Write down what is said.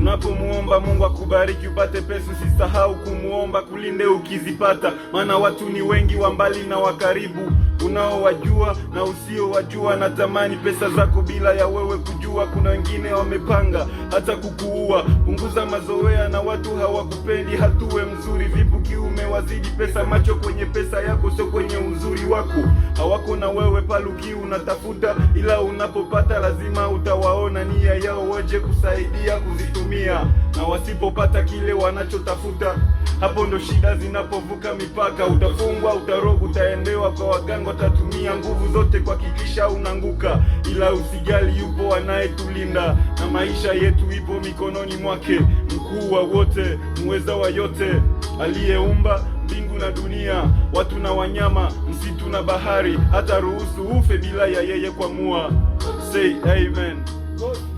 Unapomuomba Mungu akubariki upate pesa, usisahau kumuomba, kulinde ukizipata, maana watu ni wengi wa mbali na wa karibu, unaowajua na usiowajua. Natamani pesa zako bila ya wewe kujua, kuna wengine wamepanga hata kukuua. Punguza mazoea na watu hawakupendi, hatuwe mzuri, vipu kiume wazidi pesa, macho kwenye pesa yako, sio kwenye uzuri wako hawako na wewe paluki unatafuta, ila unapopata lazima utawaona nia yao waje kusaidia kuzitumia, na wasipopata kile wanachotafuta, hapo ndo shida zinapovuka mipaka. Utafungwa, utarogwa, utaendewa kwa waganga, watatumia nguvu zote kuhakikisha unanguka, ila usijali, yupo anayetulinda na maisha yetu ipo mikononi mwake, mkuu wa wote, muweza wa yote, aliyeumba mbingu na dunia, watu na wanyama, msitu na bahari, hata ruhusu ufe bila ya yeye kuamua. Say amen.